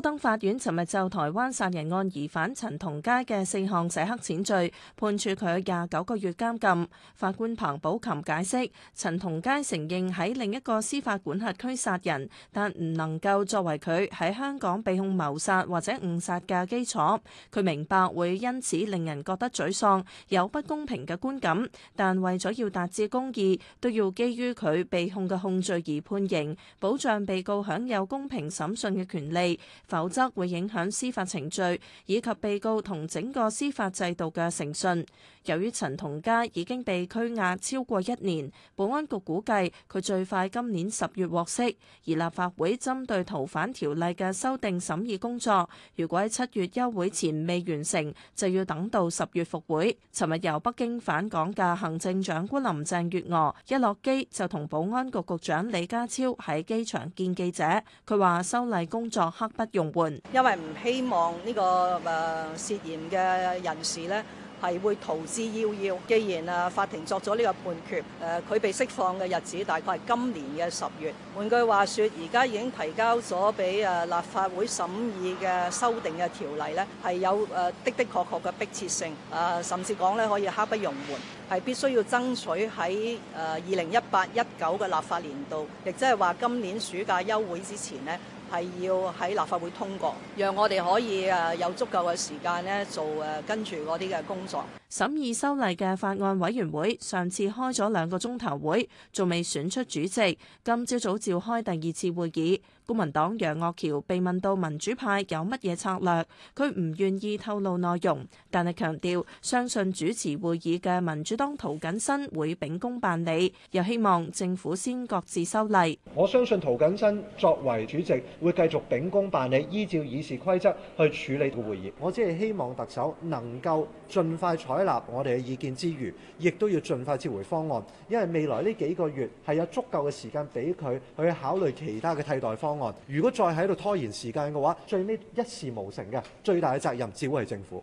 高等法院尋日就台灣殺人案疑犯陳同佳嘅四項洗黑錢罪判處佢廿九個月監禁。法官彭寶琴解釋：陳同佳承認喺另一個司法管轄區殺人，但唔能夠作為佢喺香港被控謀殺或者誤殺嘅基礎。佢明白會因此令人覺得沮喪，有不公平嘅觀感，但為咗要達至公義，都要基於佢被控嘅控罪而判刑，保障被告享有公平審訊嘅權利。否則會影響司法程序以及被告同整個司法制度嘅誠信。由於陳同佳已經被拘押超過一年，保安局估計佢最快今年十月獲釋，而立法會針對逃犯條例嘅修訂審議工作，如果喺七月休會前未完成，就要等到十月復會，尋日由北京返港嘅行政長官林鄭月娥一落機就同保安局局長李家超喺機場見記者，佢話修例工作刻不容。因為唔希望呢個誒涉嫌嘅人士呢係會逃之夭夭。既然啊法庭作咗呢個判決，誒佢被釋放嘅日子大概係今年嘅十月。換句話說，而家已經提交咗俾誒立法會審議嘅修訂嘅條例呢，係有誒的的確確嘅迫切性啊，甚至講呢可以刻不容緩，係必須要爭取喺誒二零一八一九嘅立法年度，亦即係話今年暑假休會之前呢。係要喺立法會通過，讓我哋可以誒有足夠嘅時間咧做誒跟住嗰啲嘅工作。審議修例嘅法案委員會上次開咗兩個鐘頭會，仲未選出主席，今朝早召開第二次會議。公民黨楊岳橋被問到民主派有乜嘢策略，佢唔願意透露內容，但係強調相信主持會議嘅民主黨涂謹申會秉公辦理，又希望政府先擱置修例。我相信涂謹申作為主席會繼續秉公辦理，依照議事規則去處理個會議。我只係希望特首能夠盡快採納我哋嘅意見之餘，亦都要盡快撤回方案，因為未來呢幾個月係有足夠嘅時間俾佢去考慮其他嘅替代方案。如果再喺度拖延時間嘅話，最尾一事無成嘅，最大嘅責任只會係政府。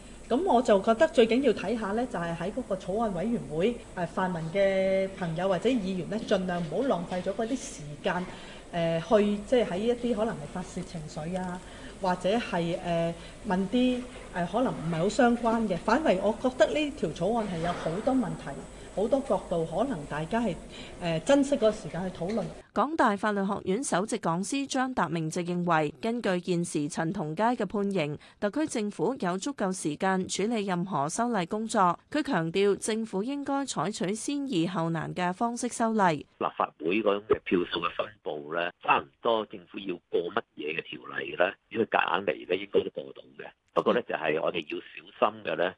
咁我就覺得最緊要睇下呢，就係喺嗰個草案委員會，誒、呃、泛民嘅朋友或者議員呢，盡量唔好浪費咗嗰啲時間，誒、呃、去即係喺一啲可能係發泄情緒啊，或者係誒、呃、問啲誒、呃、可能唔係好相關嘅。反為我覺得呢條草案係有好多問題。好多角度可能大家係誒、呃、珍惜個時間去討論。港大法律學院首席講師張達明就認為根據現時陳同佳嘅判刑，特區政府有足夠時間處理任何修例工作。佢強調政府應該採取先易後難嘅方式修例。立法會嗰種嘅票數嘅分布咧，差唔多政府要過乜嘢嘅條例咧，如果夾硬嚟咧應該都過到嘅。不過咧，就係我哋要小心嘅咧，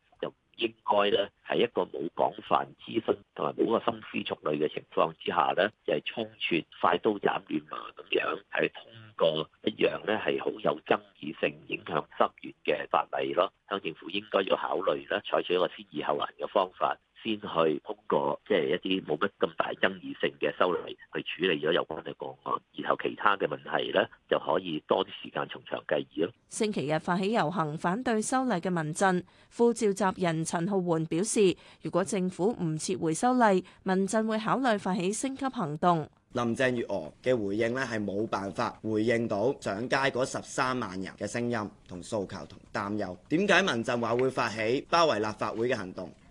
係一個冇廣泛諮詢同埋冇個深思熟慮嘅情況之下咧，就係倉促、快刀斬亂麻咁樣，係通過一樣咧係好有爭議性、影響深遠嘅法例咯。香港政府應該要考慮咧，採取一個先易後難嘅方法。先去通過，即係一啲冇乜咁大爭議性嘅修例去處理咗有關嘅個案，然後其他嘅問題呢，就可以多啲時間從長計議咯。星期日發起遊行反對修例嘅民陣副召集人陳浩桓表示，如果政府唔撤回修例，民陣會考慮發起升級行動。林鄭月娥嘅回應呢，係冇辦法回應到上街嗰十三萬人嘅聲音同訴求同擔憂。點解民陣話會發起包圍立法會嘅行動？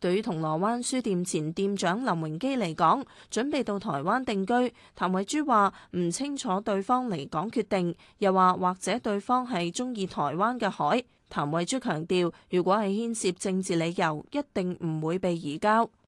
對於銅鑼灣書店前店長林榮基嚟講，準備到台灣定居。譚慧珠話唔清楚對方嚟港決定，又話或者對方係中意台灣嘅海。譚慧珠強調，如果係牽涉政治理由，一定唔會被移交。